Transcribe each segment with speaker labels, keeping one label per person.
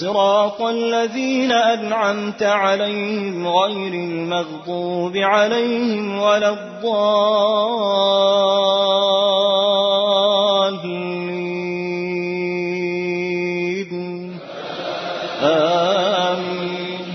Speaker 1: صراط الذين أنعمت عليهم غير المغضوب عليهم ولا الضالين آمين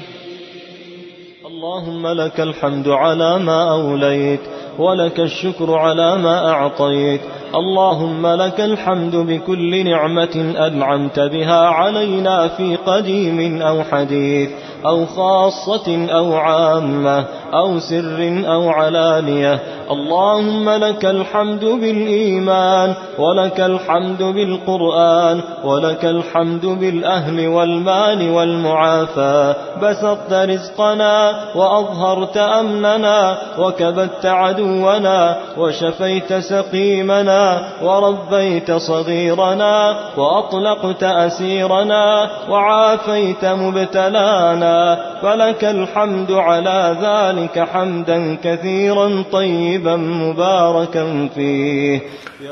Speaker 1: اللهم لك الحمد على ما أوليت ولك الشكر على ما أعطيت اللهم لك الحمد بكل نعمة أنعمت بها علينا في قديم أو حديث أو خاصة أو عامة أو سر أو علانية اللهم لك الحمد بالإيمان ولك الحمد بالقرآن ولك الحمد بالأهل والمال والمعافاة بسطت رزقنا وأظهرت أمننا وكبت عدونا وشفيت سقيمنا وربيت صغيرنا وأطلقت أسيرنا وعافيت مبتلانا فلك الحمد على ذلك حمدا كثيرا طيبا طيبا مباركا فيه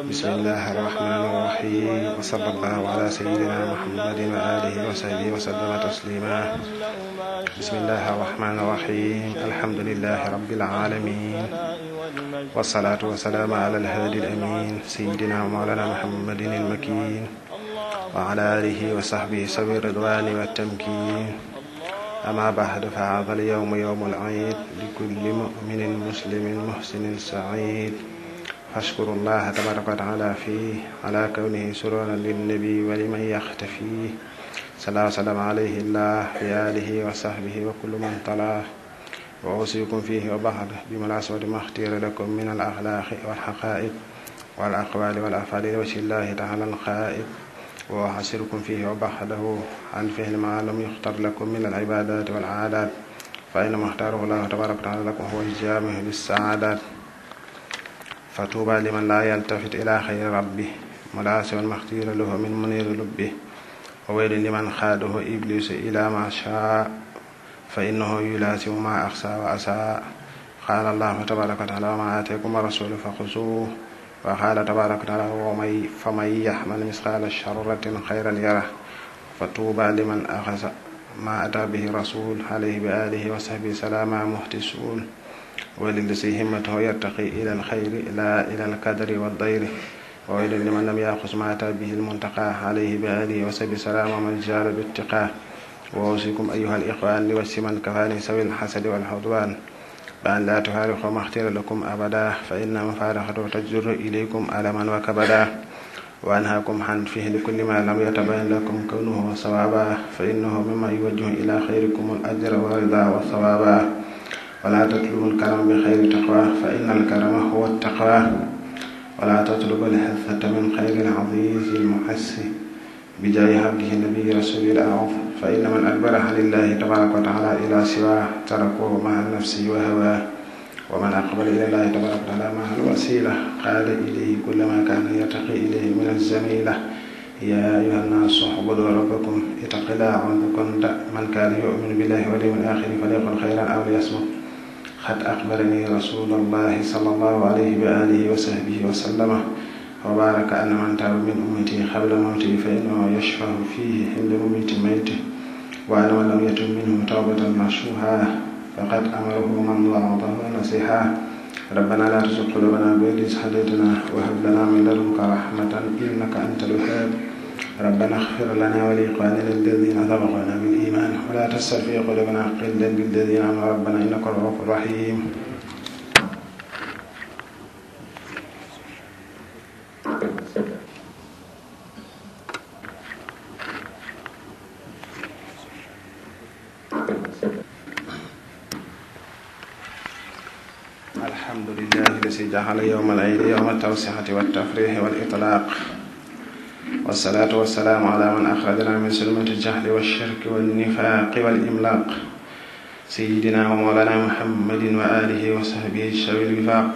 Speaker 1: بسم
Speaker 2: الله الرحمن
Speaker 1: الرحيم وصلى الله على سيدنا محمد وآله وصحبه
Speaker 2: وسلم تسليما بسم الله الرحمن الرحيم الحمد لله رب العالمين والصلاة والسلام على الهادي الأمين سيدنا مولانا محمد المكين وعلى آله وصحبه سبيل الرضوان والتمكين أما بعد فهذا اليوم يوم العيد لكل مؤمن مسلم محسن سعيد فاشكر الله تبارك وتعالى فيه على كونه سرورا للنبي ولمن يختفيه صلى وسلم عليه الله آله وصحبه وكل من طلاه وأوصيكم فيه وبهره بمناسبة ما اختير لكم من الأخلاق والحقائق والأقوال والأفعال لوجه الله تعالى الخائب وأحسركم فيه وبحده عن فهم ما لم يختر لكم من العبادات والعادات فإنما اختاره الله تبارك وتعالى لكم هو إجابه للسعادات فتوبى لمن لا يلتفت إلى خير ربه ملاسع مختير له من منير لبه وويل لمن خاده إبليس إلى ما شاء فإنه يلاسع ما أخسى وأساء قال الله تبارك وتعالى وما آتيكم الرسول فخذوه وقال تبارك وتعالى فمن يحمل مثقال شرة خيرا يره فطوبى لمن أخذ ما أتى به رسول عليه بآله وصحبه سلاما مهتسون وللذي همته يرتقي إلى الخير لا إلى الكدر والضير وويل لمن لم يأخذ ما أتى به المنتقى عليه بآله وصحبه سلاما من جار باتقاه وأوصيكم أيها الإخوان لوجه من كفاني سوي الحسد والعدوان بأن لا تفارقوا ما اختير لكم أبدا فإن مفارقة تجر إليكم ألما وكبدا وأنهاكم عن فيه لكل ما لم يتبين لكم كونه صوابا فإنه مما يوجه إلى خيركم الأجر والرضا والصوابا ولا تطلبوا الكرم بخير تقوى فإن الكرم هو التقوى ولا تطلبوا الحثة من خير العزيز المحس بجاه عبده النبي رسول الله فإن من أقبلها لله تبارك وتعالى إلى سواه تركوه مع النفس وهواه ومن أقبل إلى الله تبارك وتعالى مع الوسيلة قال إليه كل ما كان يتقي إليه من الزميلة يا أيها الناس اعبدوا ربكم اتق الله عندكم من كان يؤمن بالله واليوم الآخر فليقل خيرا أو ليصمت قد أخبرني رسول الله صلى الله عليه وآله وصحبه وسلم وبارك أن من تاب من أمتي قبل موته فإنه يشفع فيه عند أمتي ميت وأن من لم يتم منه توبة نصوحا فقد أمره من وطهر نصيحا ربنا لا تزغ قلوبنا بعد إذ هديتنا وهب لنا من لدنك رحمة إنك أنت الوهاب ربنا اغفر لنا ولإخواننا الذين سبقونا بالإيمان ولا تسر في قلوبنا غلا بالذين آمنوا ربنا إنك رؤوف الرحيم على يوم العيد يوم التوسعة والتفريح والإطلاق والصلاة والسلام على من أخرجنا من سلمة الجهل والشرك والنفاق والإملاق سيدنا ومولانا محمد وآله وصحبه الشر الوفاق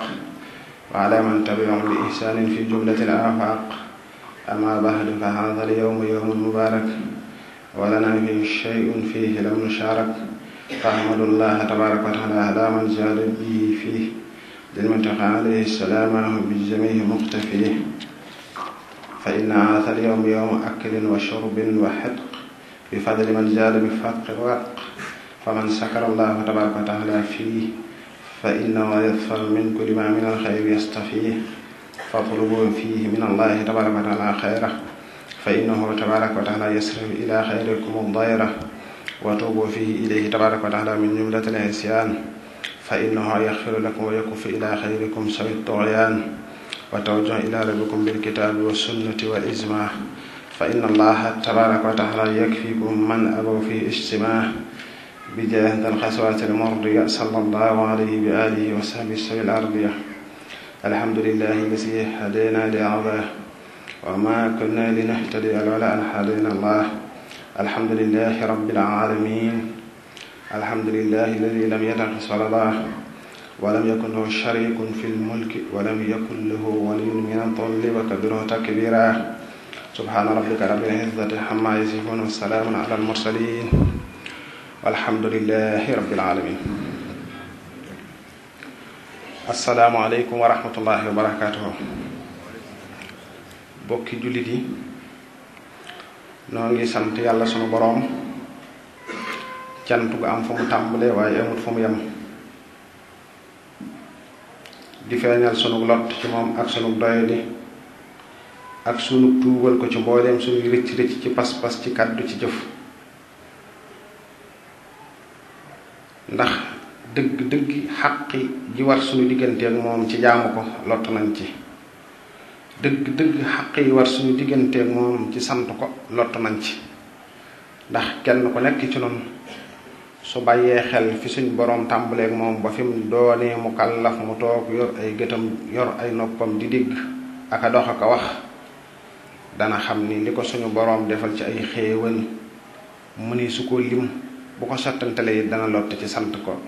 Speaker 2: وعلى من تبعهم بإحسان في جملة الآفاق أما بعد فهذا اليوم يوم مبارك ولنا فيه شيء فيه لم نشارك فأحمد الله تبارك وتعالى على من جاد به فيه للمنتقى عليه السلام بالجميع مقتفيه فإن عاث اليوم يوم أكل وشرب وحدق بفضل من زاد بفرق الرق فمن سكر الله تبارك وتعالى فيه فإنه يظفر من كل ما من الخير يستفيه فاطلبوا فيه من الله تبارك وتعالى خيره فإنه تبارك وتعالى يصرف إلى خيركم الضيرة وتوبوا فيه إليه تبارك وتعالى من جملة العصيان فإنه يغفر لكم ويكف إلى خيركم سوي الطغيان وتوجه إلى ربكم بالكتاب والسنة والإجماع فإن الله تبارك وتعالى يكفيكم من أبوا في اجتماع بجاه ذا القسوة المرضية صلى الله عليه وآله وسلم السوي الأرضية الحمد لله الذي هدينا لهذا وما كنا لنهتدي لولا أن هدينا الله الحمد لله رب العالمين الحمد لله الذي لم يدعك صلى الله ولم يكن له شريك في الملك ولم يكن له ولي من الظل وكبره تكبيرا سبحان ربك رب العزة عما يصفون والسلام على المرسلين والحمد لله رب العالمين السلام عليكم ورحمة الله وبركاته بوكي jullit yi noo ngi sant yàlla cant gu am fu mu tàmbalee waaye amut fu mu yem di feeñal sunu lott ci moom ak sunu doyadi ak sunu tuubal ko ci mbooleem suñuy rëcc rëcc ci pas-pas ci kàddu ci jëf ndax dëgg dëgg suñu diggante moom ci jaamu ko ci dëgg dëgg xaq yi war suñu diggante ak moom ci sant ko lott nañ ci ndax kenn ku nekk ci noonu su bàyyee xel fi suñ borom tàmbaleeg moom ba fi mu doonee mu kàllaf mu toog yor ay gëtam yor ay noppam di digg ak a dox ak a wax dana xam ni li ko suñu borom defal ci ay xéewal mu ni su ko lim bu ko sottantalee dana lott ci sant ko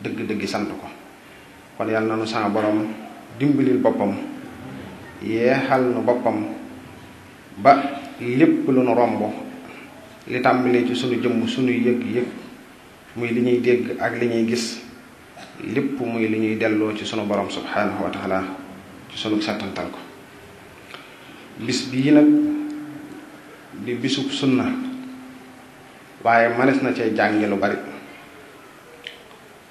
Speaker 2: dëgg-dëgg sant ko kon yàlla nanu sama borom dimbalil boppam yeexal nu boppam ba lépp lu nu romb li tàmbalee ci sunu jëmm sunu yëg-yëg muy li ñuy dégg ak li ñuy gis lépp muy li ñuy delloo ci sunu borom subhanahu wa taala ci sunu sàttantal ko bis bii nag di bisub sunna waaye manes na cay jànge lu bari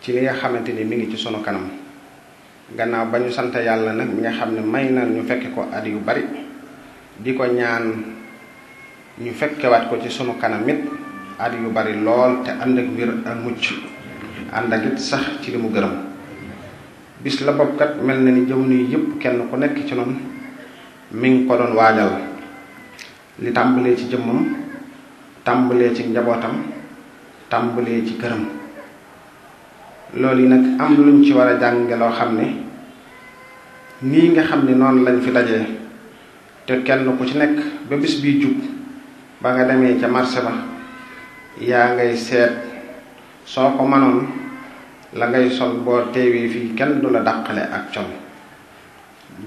Speaker 2: ci li nga xamante ni mi ngi ci sunu kanam gannaaw ba ñu sant yàlla nag mi nga xam ne may na ñu fekke ko at yu bari di ko ñaan ñu fekkewaat ko ci sunu kanam it at yu bari lool te ànd ak wér ak mucc ànd ak it sax ci li mu gërëm bis la bobkat mel na ni jamono yëpp kenn ku nekk ci noonu mi ngi ko doon waajal li tàmbalee ci jëmmam tàmbalee ci njabootam tàmbalee ci këram loolu yi nag am luñ ci war a jànge loo xam ne nii nga xam ne noonu lañ fi dajee te kenn ku ci nekk ba bis bii jub ba nga demee ca marché ba yaa ngay seet soo ko manoon la ngay sol boo teewee fii kenn du la dàqale ak col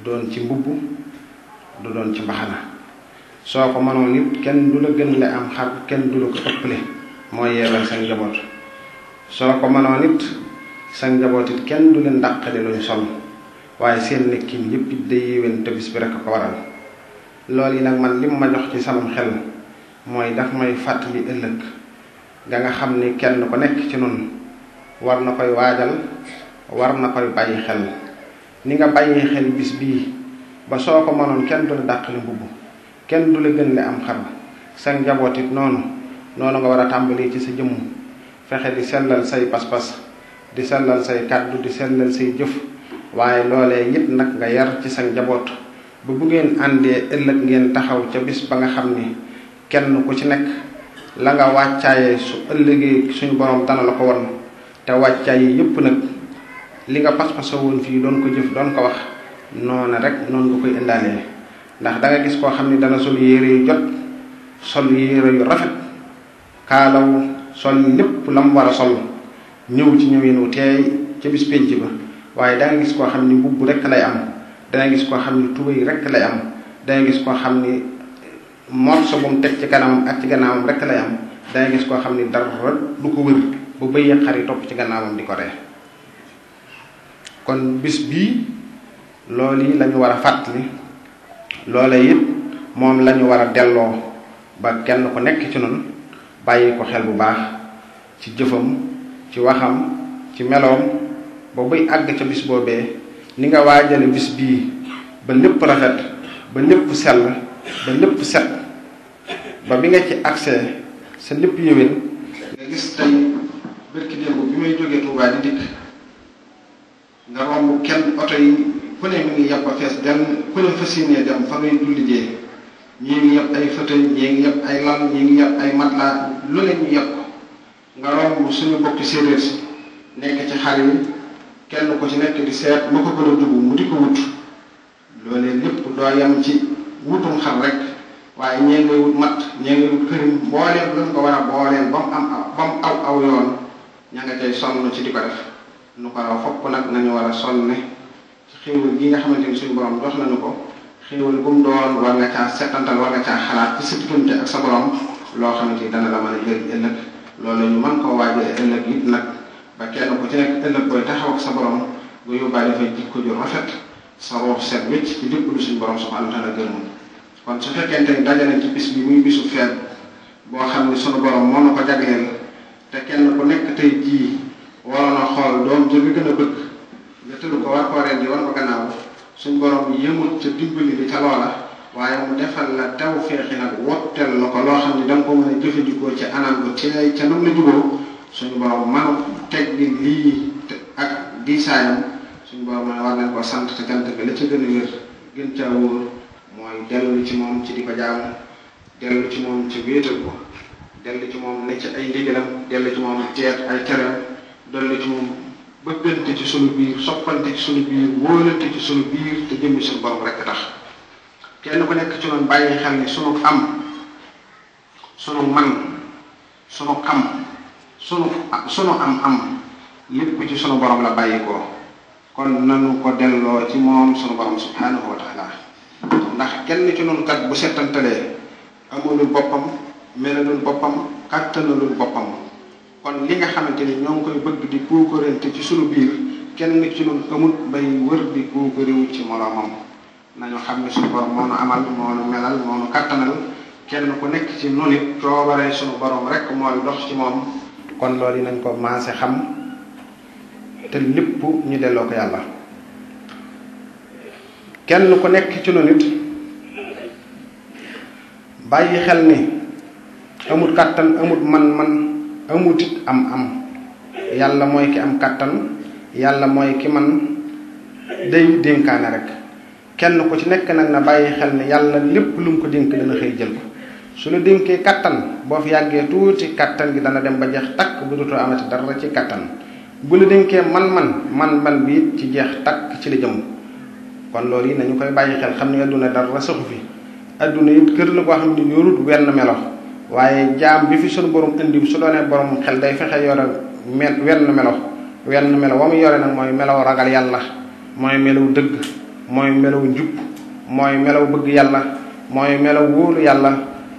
Speaker 2: doon ci mbubb du doon ci mbaxana soo ko manoon it kenn du la gënle am xar kenn du la ko ëpple mooy yeewal sa njaboot soo ko manoon it sa njaboot kenn du leen dàqale luñ sol waaye seen nekkin yépp it day yéwén te bi rekk ko waral loolu yi nag man li ma jox ci sam xel mooy daf may fàttali ëllëg da nga xam ni kenn ku nekk ci nun war na koy waajal war na koy bàyyi xel ni nga bàyyi xel bis bii ba soo ko mënoon kenn du la dàqale mbubb kenn du la gën le am xar sa njaboot it noonu noonu nga war a tàmbalee ci sa jëmm fexe di sellal say pas-pas di sellal say kàddu di sellal say jëf waaye loolee it nag nga yar ci sa njaboot bu bu ngeen àndee ëllëg ngeen taxaw ca bis ba nga xam kenn ku ci nekk la nga wàccaaye su ëllëgee suñu borom dana la ko won te wàccaaye yépp nag li nga pas-pasa woon fii doon ko jëf doon ko wax noona rek noonu nga koy indaalee ndax da gis koo xam ne dana sol yére yu jot sol yére yu rafet kaalaw sol lépp la mu war a sol ñëw ci ñëwin wu teey ca bis penc ba waaye da gis koo xam ni mbubb rek lay am da gis koo xam ni tubéy rek lay am da gis koo xam ni morso bu mu teg ci kanam ak ci gannaawam rek lay am day gis koo xam ni dara du ko wër bu bëyee xar yi topp ci gannaawam di ko ree kon bis bii loolu yi lañu war a fàttali yit it moom lañu war a delloo ba kenn ku nekk ci bàyyi ko xel bu baax ci jëfam ci waxam ci meloom ba bay àgg ca bis boobee ni nga waajale bis bii ba lépp rafet ba lépp sell ba lépp set ba bi nga ci accès sa lépp yëwén nga gis tey bërki démb bi may jógee Touba di dikk nga romb kenn oto yi ku ne mi ngi yàpp a fees dem ku ne fas dem fa ngay du liggéey ñii ngi yàpp ay fauteuil ñii ngi yàpp ay lal ñii ngi yàpp ay matelas lu ne ñu yàpp nga romb suñu bokk séeréer si nekk ci xar yi kenn ko ci nekk di seet ma ko gën a dugg mu di ko wut loolee lépp doo yam ci wutum xam rek waaye ñee ngay wut matt ñee ngay wut kërim mbooleem lu ko war a booleel ba mu am ba mu aw aw yoon ña nga cay sonn ci di ko def nu ko raw fopp nag nañu war a sonne ci xéewal gi nga xamante ni suñu borom jox nañu ko xéewal bu mu doon war nga caa setantal war nga caa xalaat ci sa diggante ak sa borom loo xamante ni dana la mën a jëriñ ëllëg loolu ñu man koo a ëllëg it nag ba kenn ku ci nekk ëllëg koy taxaw ak sa borom bu yóbbaale fa jikko ju rafet sa set wécc ci lépp lu suñu kon su fekkente ni dajale ci bis bi muy bisu feet boo xam ne sunu borom moo ko jagleel te kenn ku nekk tey jii waroon na xool doom ja bi gën a bëgg nga tëru ko war ko ren di war ko gannaaw suñ borom yëmul ca dimbali bi ca loola waaye mu defal la taw feexi nag wottel la ko loo xam ne da nga ko mën a jëfandikoo ci anam bu teey ca nam la juboo suñu borom manu teg bi lii ak diisaayam suñu borom mën war nañ ko sant te cant bi la ca gën a wér gën caa wóor mooy dellu ci moom ci di ko jaamu dellu ci moom ci wéetal ko dellu ci moom ne ci ay ndigalam dellu ci moom teet ay tereem dellu ci moom bëggante ci sunu biir soppante ci sunu biir wóolante ci sunu biir te jëmmi sunu borom rekk tax kenn ku nekk ci noonu bàyyi xel ni sunu am sunu man sunu am sunu sunu am am lépp ci sunu borom la bàyyi ko kon nanu ko delloo ci moom sunu borom subhanahu wa taala ndax kenn ci noonu kat bu setantalee amulul boppam melalul boppam kàttanalul boppam kon li nga xamante ni ñoo ngi koy bëgg di puukarante ci suñu biir kenn ci noonu amut bay wër di puukarewu ci moroomam nañu xam ne suñu borom moo nu amal moo nu melal moo nu kàttanal kenn ku nekk ci noonu it coobaree suñu borom rek mooy dox ci moom kon loolu yi nañ ko maase xam te lépp ñu delloo ko yàlla kenn ko nekk ci noonu it bàyyi xel ni amut kàttan amut man-man amut it am-am yàlla mooy ki am kàttan yàlla mooy ki man day dénkaane rek kenn ku ci nekk nag na bàyyi xel ni yàlla lépp lu mu ko dénk dana xëy jël ko su la dénkee kàttan boo fi yàggee tuuti kàttan gi dana dem ba jeex takk bu dootoo amati dara ci kàttan bu la dénkee man-man man-man bi ci jeex takk ci li jëm kon loolu yi nañu koy bàyyi xel xam ne adduna dara saxu fi adduna it kër la koo xam ne yorut wenn melo waaye jaam bi fi sunu borom indi su doonee borom xel day fexe yore mel wenn melo wenn melo wa mu yore nag mooy melaw ragal yàlla mooy melaw dëgg mooy melaw njub mooy melaw bëgg yàlla mooy melaw wóolu yàlla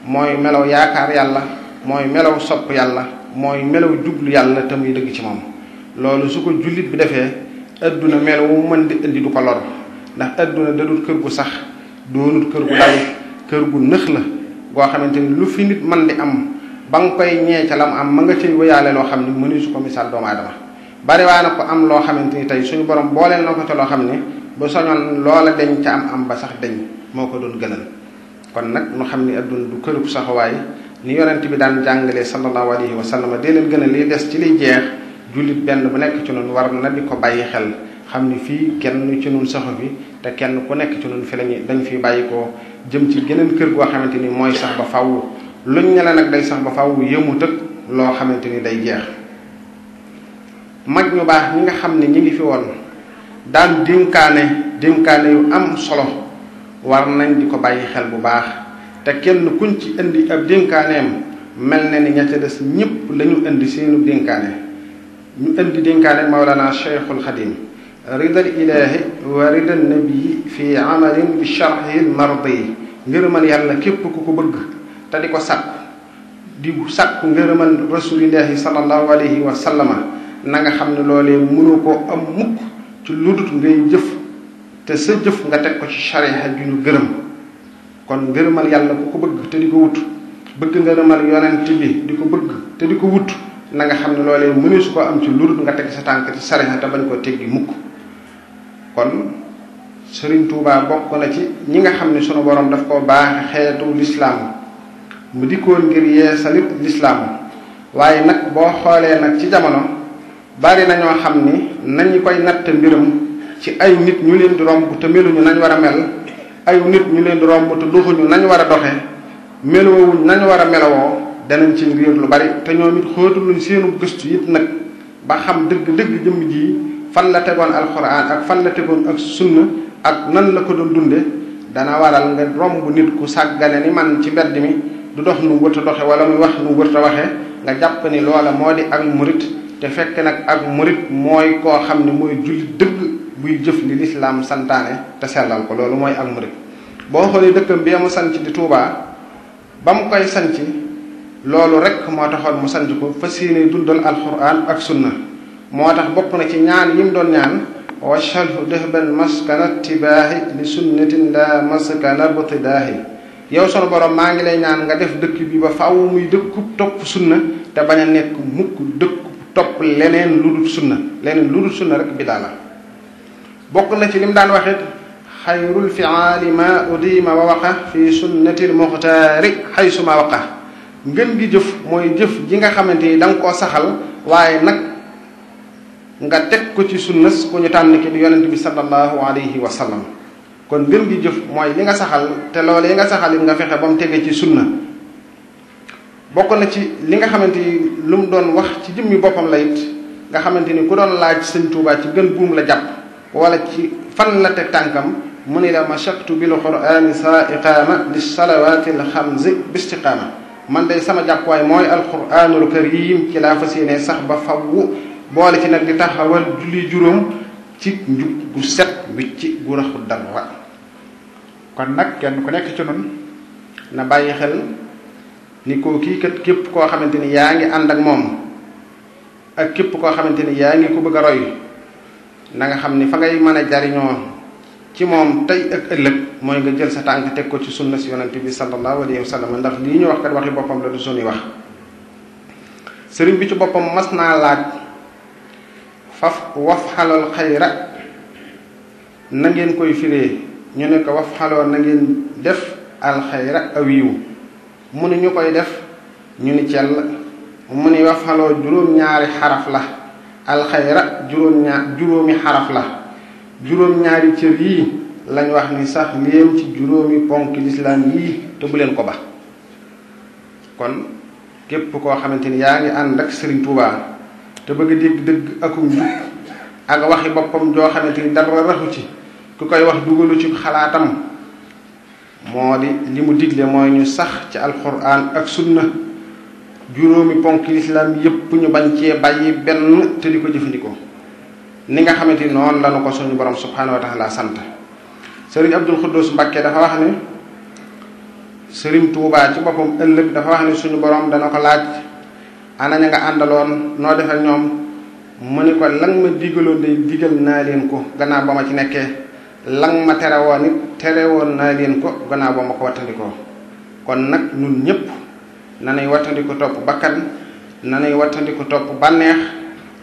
Speaker 2: mooy melaw yaakaar yàlla mooy melaw sopp yàlla mooy melaw jublu yàlla te muy dëgg ci moom loolu su ko jullit bi defee adduna melaw mu mën di indi ko lor ndax adduna dadul kër gu sax doonul kër gu dal kër gu nëx la goo xamante ni lu fi nit man di am ba nga koy ñee ca la mu am ma nga cay wéyaale loo xam ne mënuñu su ko misaal doomu aadama bari waa na loo xamante ni tey suñu borom booleel na ko loo xam ne ba soñoon loola deñ ca am am ba sax deñ moo ko doon gënal kon nag nu xam ne adduna du kër gu saxawaay ni yonent bi daan jàngalee sallallahu alayhi wa sallam dee leen gën a liy des ci liy jeex jullit benn bu nekk ci noonu war na di ko bàyyi xel xam ni fii kenn ci nun soxo bi te kenn ku nekk ci nun fi lañu dañu fi bàyyi ko jëm ci geneen kër goo xamante ni mooy sax ba faww luñ ne la nag day sax ba faw faww yëmu tëg loo xamante ni day jeex mag ñu baax ñi nga xam ne ñi ngi fi woon daan dénkaane dénkaane yu am solo war nañ di ko bàyyi xel bu baax te kenn kuñ ci indi ak dénkaaneem mel na ni ña ca des ñëpp lañu indi seenu dénkaane ñu indi dénkaane Mawlana Cheikhul Khadim rida ilaahi wa rida nabii fi amalin bi charhi mardi ngërëmal yàlla képp ku ko bëgg te di ko sàkku di sàkku ngërëmal rasulillahi salallahu alayhi wa sallama na nga xam ne loolee mënu koo am mukk ci lu dul ngay jëf te sa jëf nga teg ko ci shariha ju ñu gërëm kon ngërëmal yàlla ku ko bëgg te di ko wut bëgg ngërëmal yonent bi di ko bëgg te di ko wut na nga xam ne loolee mëneesu ko am ci lu nga teg sa tànk ci shariha te bañ koo teggi mukk kon Serigne Touba bokk na ci ñi nga xam ne sunu borom daf ko baax xeetu lislaam mu dikkoon ngir yeesalit lislaam waaye nag boo xoolee nag ci jamono bari na ñoo xam ni nañu koy natt mbiram ci ay nit ñu leen di romb te meluñu nañ war a mel ay nit ñu leen di romb te doxuñu nañ war a doxe meloowuñ nañu war a melowoo danañ ci réer lu bari te ñoom it xóotaluñ seenu gëstu it nag ba xam dëgg dëgg jëmm ji fan la tegoon alxuraan ak fan la tegoon ak sunna ak nan la ko doon dunde dana waral nga romb nit ku sàggane ni man ci mbedd mi du dox nu wërta doxe wala muy wax nu wërta waxe nga jàpp ni loola moo di ak murit te fekk nag ak murit mooy koo xam ne mooy julli dëgg buy jëf li lislaam santaane te sellal ko loolu mooy ak murit boo xoolee dëkkam bi mu sanc di Touba ba mu koy sanc loolu rek moo taxoon mu sanc ko fas yéene dundal alxuraan ak sunna motax tax bokk na ci ñaan yim doon ñaan shalhu dahban maskana tibaahi li sunnatin la maskana btidaahi yow sunu borom ma ngi lay ñaan nga def dëkk bi ba faaw muy dëkku top sunna te baña a nekk mukk dëkku top leneen lu sunna leneen lu sunna rek bi daala bokk na ci lim daan waxe khayrul fi'al ma udima wa waqa fi sunnati muhtari haythu ma waqa ngeen gi jëf moy jëf gi nga xamanteni dang ko saxal waye nak nga teg ko ci sunnas ku ñu tànn di du yonent bi sallallahu alayhi wa sallam kon mbir gi jëf mooy li nga saxal te lool yi nga saxal it nga fexe ba mu tege ci sunna bokk na ci li nga xamante ni lu mu doon wax ci jëmmi boppam la it nga xamante ni ku doon laaj sëñ Tuubaa ci gën buum la jàpp wala ci fan la teg tànkam mu ni la mashaqtu bil qur'ani sa iqama li salawaati l xamsi bi istiqaama man dey sama jàppuwaay mooy alquranul karim ci laa fas yéene sax ba fawwu boole ci nag di taxawal julli juróom ci njub gu set wicc gu raxu dara kon nag kenn ku nekk ci nun na bàyyi xel ni ko kii kat képp koo xamante ni yaa ngi ànd ak moom ak képp koo xamante ni yaa ngi ko bëgg a roy na nga xam ni fa ngay mën a jariñoo ci moom tey ak ëllëg mooy nga jël sa tànk teg ko ci sunna si yonente bi sallallahu alayhi wa sallam ndax lii ñu wax kat waxi boppam la du wax sëriñ bi ci boppam mas laaj faf waf xalal xayra na ngeen koy firee ñu ne ko waf xaloo na ngeen def alxayra awiwu mu ni ñu koy def ñu ni cell mu ni waf xaloo juróom-ñaari xaraf la alxayra juróom-ñaar juróomi xaraf la juróom-ñaari cër yii lañu wax ni sax léem ci juróomi ponk lislaam yii te bu leen ko ba kon képp koo xamante ni yaa ngi ànd ak Sëriñ Tuubaa te bëgg dégg dëgg akum jub ak waxi boppam joo xamante ni dara raxu ci ku koy wax dugalu ci xalaatam moo di li mu digle mooy ñu sax ci alquran ak sunna juróomi ponk lislaam yépp ñu bañ cee bàyyi benn te di ko jëfandikoo ni nga xamante ni noonu lañu ko suñu borom subhanahu wa taala sant sëriñ abdul xuddus mbàkke dafa wax ne sëriñ touba ci boppam ëllëg dafa wax ne suñu borom dana ko laaj anani nga andal on no defal ñoom mu ni ko lan ma digaloon day digal naa leen ko gannaaw ba ma ci nekkee lan ma tere woon it tere woon naa leen ko gannaaw ba ma ko wattandikoo kon nag ñun ñëpp nanay wattandiko topp bakkan nanay wattandiko topp bànneex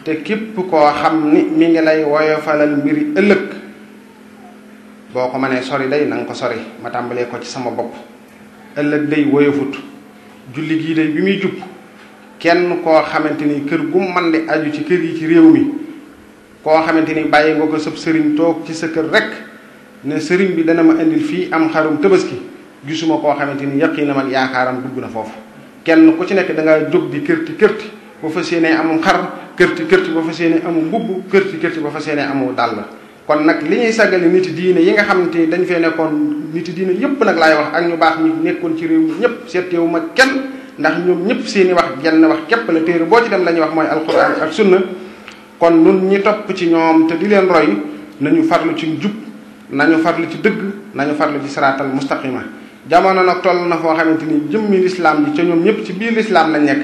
Speaker 2: te képp koo xam ni mi ngi lay woyofalal mbiri ëllëg boo ko manee sori day na nga ko sori ma tàmbalee ko ci sama bopp ëllëg day woyofut julli gii day bi muy jub kenn koo xamante ni kër gu man di aju ci kër yi ci réew mi koo xamante ni bàyyi nga ko sëb sëriñ toog ci sa kër rek ne sëriñ bi dana ma indil fii am xarum tabaski gisuma koo xamante ni yaqinam ak yaakaaram dugg na foofu kenn ku ci nekk da ngaa jóg di kërti kërti ba fa séenee amum xar kërti kërti ba fa amu amum mbubb kërti kërti ba fa séenee amul dàll kon nak li ñuy sagale niti diine yi nga xamante ni dañ fee nekkoon nit diine yépp nag laay wax ak ñu baax ñi nekkoon ci réew mi kenn ndax ñoom ñëpp seeni wax genn wax képp la téere boo ci dem ñuy wax mooy alquran ak sunna kon nun ñi topp ci ñoom te di leen roy nañu farlu ci njub nañu farlu ci dëgg nañu farlu ci siraatal mustaqima jamono nag toll na foo xamante ni jëmmi lislaam ji ca ñoom ñëpp ci biir lislaam lañ nekk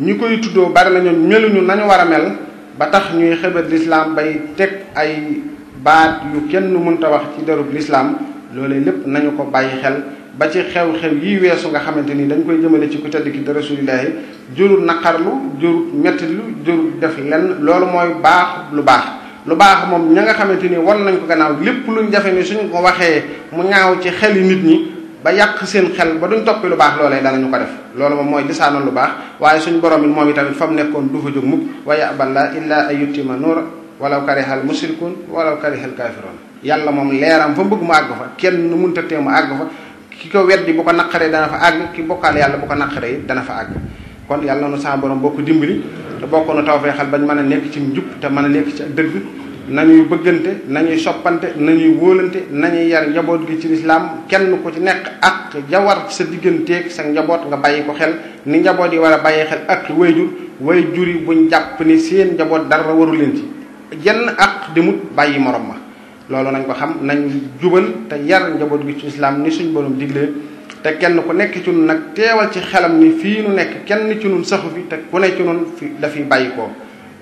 Speaker 2: ñi koy tuddoo bari na ñoom meluñu nañu war a mel ba tax ñuy xëbat lislaam bay teg ay baat yu kenn mënta wax ci derub lislaam loolee lépp nañu ko bàyyi xel ba ci xew-xew yi weesu nga xamante ni dañ koy jëmale ci ku tedd ki de rasulillahi jurul naqarlu jurul mettitlu jurul def lenn loolu mooy baax lu baax lu baax moom ñu nga xamante ni wan nañ ko gannaaw lépp luñ jafe ni suñ ko waxee mu ñaaw ci xel xeli nit ñi ba yàq seen xel ba duñ toppi lu baax loolee danañu ko def loolu moom mooy lisaanoon lu baax waaye suñ borom it moom itamit fa mu nekkoon du fa jóg mukk wa yaballa illa an yutima nuura walaw karihal musrikun walaw karihal kaafiroon yàlla moom leeram fa mbëgg mu àgg fa kenn mënta tee mu àgg fa ki ko weddi bu ko naqaree dana fa àgg ki bokkaale yàlla bu ko naqaree dana fa àgg kon yàlla noonu sa borom bokk dimbali te bokk na taw fee xel bañ mën a nekk ci njub te mën a nekk ci ak dëgg nañuy bëggante nañuy soppante nañuy wóolante nañuy yar njaboot gi ci lislaam kenn ko ci nekk ak jawar sa digganteeg sa njaboot nga bàyyi ko xel ni njaboot yi war a bàyyi xel ak wayjur wayjur yi buñ jàpp ni seen njaboot dara waru leen ci jenn ak demut bàyyi morom ma loolu nañ ko xam nañ jubal te yar njaboot gi ci islam ni suñ borom diglee te kenn ku nekk ci nun nag teewal ci xelam ni fii nu nekk kenn ci nun saxu fi te ku ne ci nun fi dafiy bàyyi ko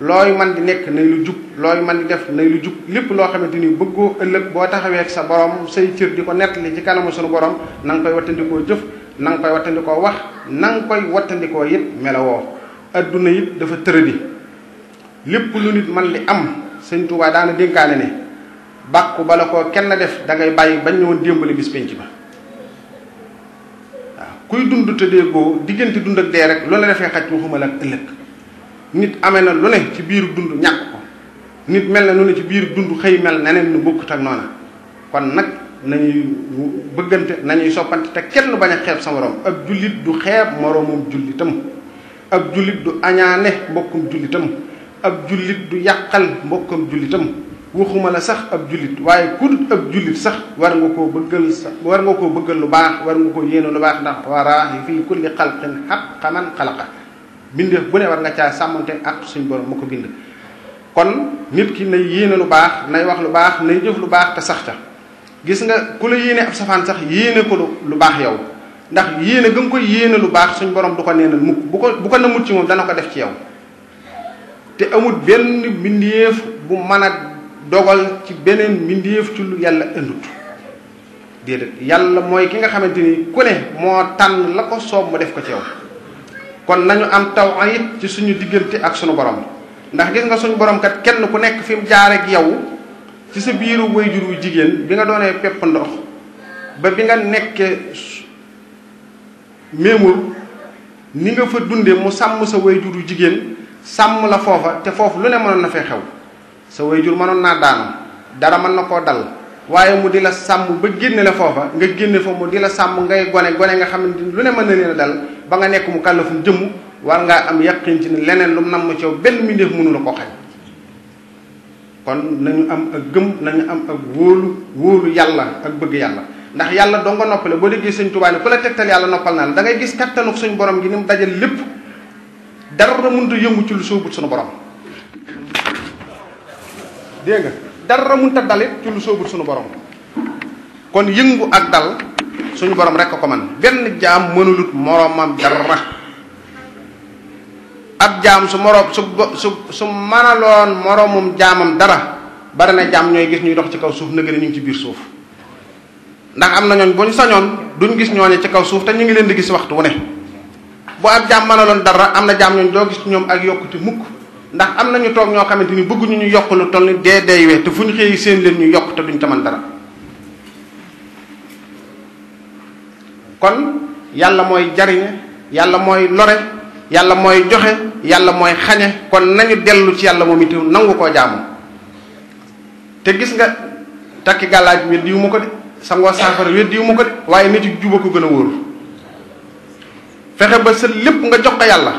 Speaker 2: looy man nekk nay lu jub looy man di def nay lu jub lépp loo xamante ni bëggoo ëllëg boo taxawee sa borom say cër di ko nettali ci kanamu sunu borom na nga koy wattandikoo jëf nanga nga koy wattandikoo wax na nga koy wattandikoo it melawoo adduna it dafa tëradi lépp lu nit man li am sëñ Tuubaa daana dénkaane ne bàkku bala ko kenn def dangay bàyyi bañ woon démbali bis penc ba waaw kuy dund tëddee déggoo diggante dund ak dee rek lu la defee xaj waxuma la ak ëllëg nit amee na lu ne ci biiru dund ñàkk ko nit mel na lu ne ci biiru dund xëy mel neneen nu bokkut ak noona kon nag nañuy bëggante nañuy soppante te kenn bañ a xeeb sa morom ab jullit du xeeb moroomum jullitam ab jullit du añaane mbokkum jullitam ab jullit du yàqal mbokkam jullitam waxuma la sax ab jullit waaye ku dut ab jullit sax war nga koo bëggal sax war nga koo bëggal lu baax war nga koo yéene lu baax ndax waraahi fii kulli xalqin xaq man xalaqa bindeef bu ne war nga caa sàmmante ak suñ borom ma ko bind kon nit ki nay yéene lu baax nay wax lu baax nay jëf lu baax te sax ca gis nga ku la yéene ab safaan sax yéene ko lu baax yow ndax yéene ga nga ko yéene lu baax suñ borom du ko neenal mukk bu ko bu ko namut ci moom dana ko def ci yow dogal ci benen mindeef ci lu yalla andut dedet yalla moy ki nga xamanteni ku ne mo tan la ko soob mu def ko ci yow kon nañu am taw ci suñu digeenti ak suñu borom ndax gis nga suñu borom kat kenn ku nekk fim jaar ak yow ci sa biiru wayjuru wu bi nga doone pep ndox ba bi nga nekkee memur ni nga fa dundé mu sam sa wayjuru wu sam la fofa te fofu lu ne mënon na fay xew sa wayjur manoon naa daanu dara mën na koo dal waaye mu di la sàmm ba génne la foofa nga génne fa mu di la sàmm ngay gone gone nga xam ne lu ne mën na leen a dal ba nga nekk mu kàllafum jëmm war ngaa am yàqin ci ne leneen lu mu nam ci yow benn mbindeef mënu la ko xañ kon nañu am ak gëm nañu am ak wóolu wóolu yàlla ak bëgg yàlla ndax yàlla doo nga noppale boo déggee sëñ Tuubaa ne ku la tegtal yàlla noppal naa la dangay gis kattanu suñu borom gi ni mu dajal lépp dara yëngu ci lu sóobut suñu borom dégg nga dara mun ta dalit ci lu soobul suñu borom kon yëngu ak dal suñu borom rek ko man benn jaam mënulut moromam dara ab jaam su morom su su su manaloon moromum jaamam dara bari na jaam ñoy gis ñuy dox ci kaw suuf na ñu ci biir suuf ndax am na ñooñ bu sañoon duñ gis ñooñe ci kaw suuf te ñu ngi leen di gis waxtu wu ne bu ab jaam manaloon dara am na jaam ñooñ doo gis ñoom ak yokkute mukk ndax am nañu toog ñoo xamante ni bëgguñu ñu yokk lu toll ni dee day wee te fu ñu xëyee seen leen ñu yokk te duñ taman dara kon yàlla mooy jariñe yàlla mooy lore yàlla mooy joxe yàlla mooy xañe kon nañu dellu ci yàlla moom itam nangu koo jaamu te gis nga takki gàllaaj weddi wu ma ko de sangoo saafara weddi wu ma ko de waaye nit juba ko gën a wóor fexe ba sa lépp nga jox ko yàlla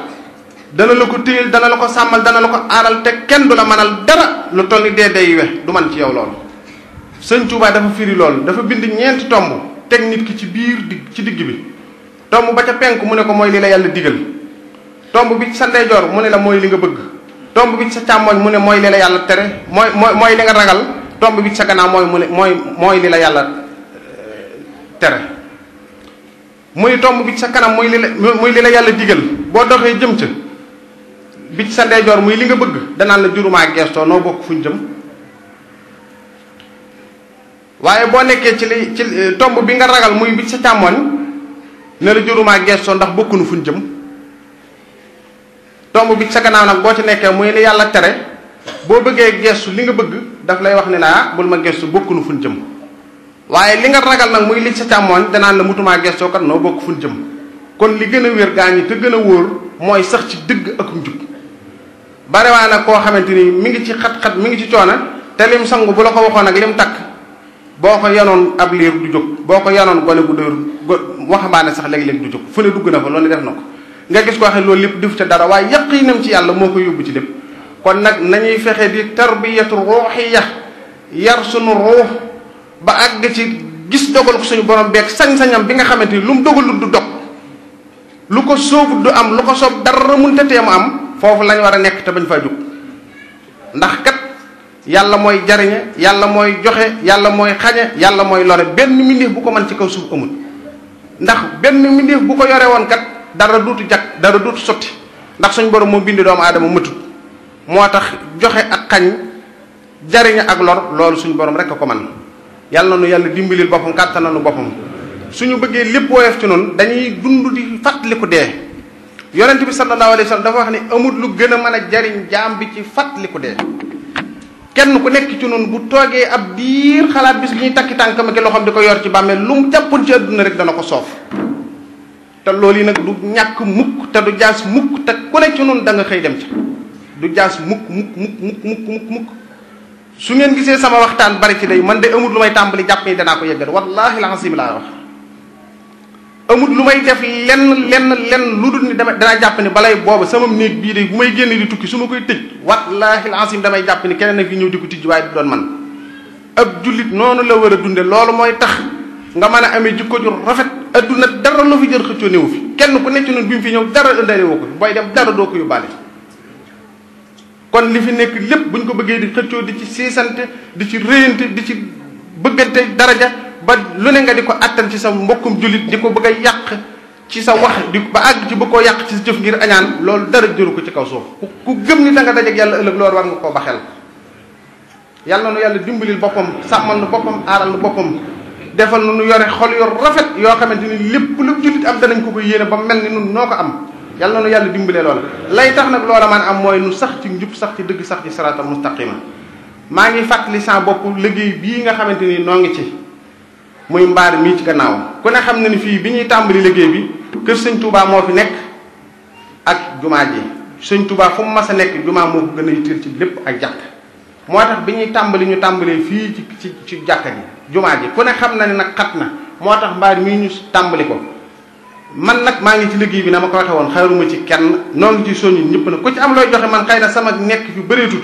Speaker 2: dana la ko téyel dana la ko sàmmal dana la ko aaral te kenn du la manal dara lu toll ni dee day we du man ci yow loolu sëñ Tuubaa dafa firi loolu dafa bind ñeenti tomb teg nit ki ci biir di ci digg bi tomb ba ca penk mu ne ko mooy li la yàlla digal tomb bi sa ndeyjoor mu ne la mooy li nga bëgg tomb bi sa càmmoñ mu ne mooy li yàlla tere mooy mooy mooy li nga ragal tomb bi sa gannaaw mooy mu ne mooy mooy li la yàlla euh, tere mu ne tomb bi sa kanam mooy li la mooy li la yàlla digal boo doxee jëm ca bi ci sa ndeyjoor muy li nga bëgg danaan la jurumaa geestoo noo bokk fuñ jëm waaye boo nekkee ci li eh, tomb bi nga ragal muy bi ci sa càmmoñ ne la jurumaa geestoo ndax bokkuñu fuñ jëm tomb bi ci sa gannaaw nag boo ci nekkee muy li yàlla tere boo bëggee gestu li nga bëgg daf lay wax ne naa bul ma gestu bokkunu fuñ jëm waaye li nga ragal nag muy li ci sa càmmoñ danaan la mutumaa gestoo kat noo bokk fuñ jëm kon li gën a wér gaa ñi te gën a wóor mooy sax ci dëgg ak njub bare waa nag koo xamante ni mi ngi ci xat-xat mi ngi ci coona te lim sangu bu la ko waxoon ak lim takk boo ko yanoon ab liir du jóg boo ko yanoon gone gu dóor waxambaane sax léeg-léeg du jóg fu ne dugg na fa loolu def na ko nga gis koo xam loolu lépp def ca dara waaye yaqinam ci yàlla moo ko ci lépp kon nag nañuy fexe di tarbiyatu ruuxiya yar sunu ba àgg ci gis dogal ko suñu borom beeg sañ-sañam bi nga xamante ni lu mu du dog lu ko soobu du am lu ko soob dara mun am foofu lañ war a nekk te bañ faa jóg ndax kat yàlla mooy jariñe yàlla mooy joxe yàlla mooy xañe yàlla mooy lore benn mbindeef bu ko mën ci kaw suuf amul ndax benn mbindeef bu ko yore woon kat dara duuti jag dara duuti sotti ndax suñu borom moo bind doomu aadama mëtut moo tax joxe ak xañ jariñe ak lor loolu suñu borom rek a ko man yàlla na nu yàlla dimbalil boppam kàttan na nu boppam suñu bëggee lépp woyof ci noonu dañuy dund di fàttaliku dee yonent bi sallallahu alayhi wa sallam dafa wax ne amul lu gën a mën a jariñ jaam bi ci fàttaliku de kenn ku nekk ci noonu bu toogee ab diir xalaat bis bi ñuy takki tànkam ak loxoom di ko yor ci bàmmeel lu mu jàppoon ci àdduna rek dana ko soof te loolu yi nag du ñàkk mukk te du jaas mukk te ku ne ci noonu da nga xëy dem ci du jaas mukk mukk mukk mukk mukk su ngeen gisee sama waxtaan bari ci day man de amul lu may tàmbali jàpp ni danaa ko yeggal wallaahi la laa amul lu may def lenn lenn lenn lu dul ni dama danaa jàpp ni balay boobu sama néeg bii de bu may génn di tukki su ma koy tëj wallaahi asim damay jàpp ni keneen ak fi ñëw di ko tijji waaye du doon man ab jullit noonu la war a dunde loolu mooy tax nga mën a amee jikko ju rafet adduna dara lu fi jër xëccoo néew fi kenn ku nekk noonu bi mu fi ñëw dara ëndale woo ko fi booy dem dara doo ko yóbbaale kon li fi nekk lépp bu ñu ko bëggee di xëccoo di ci siisante di ci réyante di ci bëggante daraja ba lu ne nga di ko attan ci sa mbokum julit di ko bëgg a yàq ci sa wax di ba àgg ci bëgg koo yàq ci sa jëf ngir añaan loolu dara jëru ko ci kaw suuf ku gëm ni da nga dajeeg yàlla ëllëg loolu war nga koo baxel yàlla nu yàlla dimbalil boppam sàmmal nu boppam aaral nu boppam defal nu nu yore xol yu rafet yoo xamante ni lépp lu julit am danañ ko ko yéene ba mel ni am yàlla nu yàlla dimbalee loola lay tax nag loola man am mooy nu sax ci njub sax ci dëgg sax ci siraatal mustaqima maa ngi fàttali sa bopp liggéey bii nga xamante ni ngi ci muy mbaar mii ci gannaawam ku ne xam na ni fii bi ñuy tàmbali liggéey bi kër sëñ Touba moo fi nekk ak jumaa ji sëñ Touba fu mu mas a nekk jumaa moo gën a yitteel ci lépp ak jàkk moo tax bi tàmbali ñu tàmbalee fii ci ci ci jàkka ji jumaa ji ku ne xam na ne nag xat na moo tax mbaar mii ñu tàmbali ko man nag maa ngi ci liggéey bi na ma ko waxe woon xaaruma ci kenn noonu ci soññi ñëpp na ku ci am looy joxe man xëy na sama nekk fi bëreetut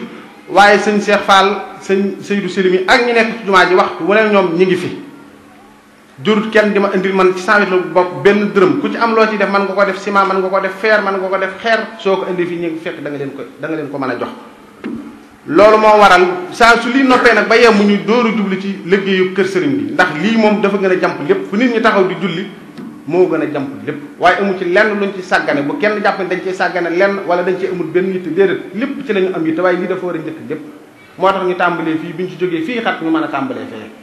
Speaker 2: waaye sëñ Cheikh Fall sëñ Seydou Selimi ak ñi nekk ci jumaa ji waxtu wu ne ñoom ñi ngi fi jurut kenn di ma indi man ci sama wetlu bopp benn dërëm ku ci am loo ci def man nga ko def ciment man nga ko def feer man nga ko def xeer soo ko indi fii ñu fekk da nga leen ko da nga leen ko mën a jox loolu moo waral saa su lii noppee nag ba yemu ñu dóoru jubli ci liggéeyu kër sëriñ bi ndax lii moom dafa gën a jàmp lépp fu nit ñi taxaw di julli moo gën a jàmp lépp waaye amu ci lenn luñ ci sàggane bu kenn jàpp ne dañ ciy sàggane lenn wala dañ ci amul benn yitte déedéet lépp ci lañu am yitte waaye lii dafa war a tax ñu tàmbalee fii bi ñu ci jógee fii xat ñu mën a tàmbalee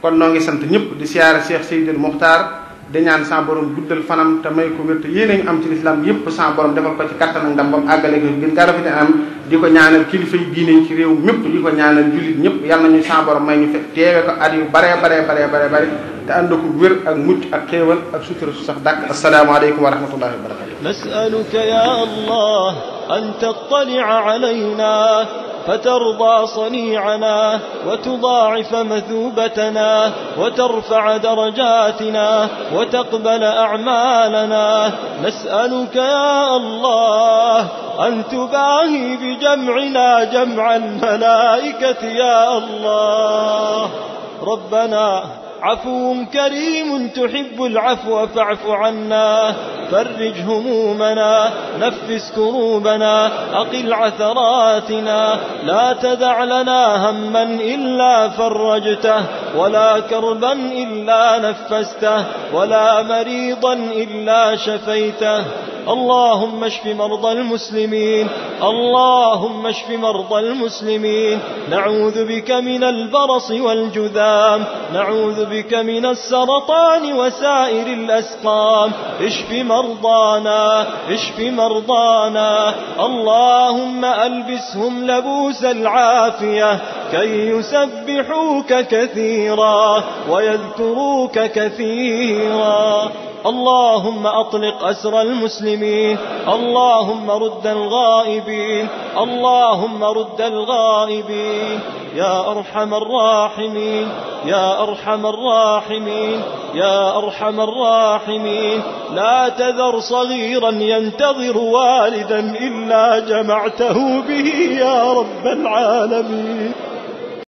Speaker 2: kon noo ngi sant ñëpp di siyaare cheikh seydil muxtaar di ñaan sa borom guddal fanam te may ko wér te yéene am ci l'islam yépp sa borom defal ko ci kattan ak ndam bam àggale ko gën gaa rafete am di ko ñaanal kilifa yi diine ci réew mépp di ko ñaanal julit ñëpp yàlla ñu sa borom may ñu fe teewe ko at yu bare bare bare bare bare te ànd ko wér ak mucc ak xéewal ak sutura su sax dàkk asalaamaaleykum wa rahmatullahi wa barakatuh
Speaker 1: nasaluka ya allah an tattali'a alayna فترضى صنيعنا وتضاعف مثوبتنا وترفع درجاتنا وتقبل أعمالنا نسألك يا الله أن تباهي بجمعنا جمع الملائكة يا الله ربنا عفو كريم تحب العفو فاعف عنا فرج همومنا نفس كروبنا أقل عثراتنا لا تدع لنا هما إلا فرجته ولا كربا إلا نفسته ولا مريضا إلا شفيته اللهم اشف مرضى المسلمين اللهم اشف مرضى المسلمين نعوذ بك من البرص والجذام نعوذ بك من السرطان وسائر الأسقام اشف مرضانا اشف مرضانا اللهم ألبسهم لبوس العافية كي يسبحوك كثيرا ويذكروك كثيرا اللهم أطلق أسر المسلمين اللهم رد الغائبين اللهم رد الغائبين يا أرحم الراحمين يا أرحم الراحمين يا أرحم الراحمين لا تذر صغيرا ينتظر والدا إلا جمعته به يا رب العالمين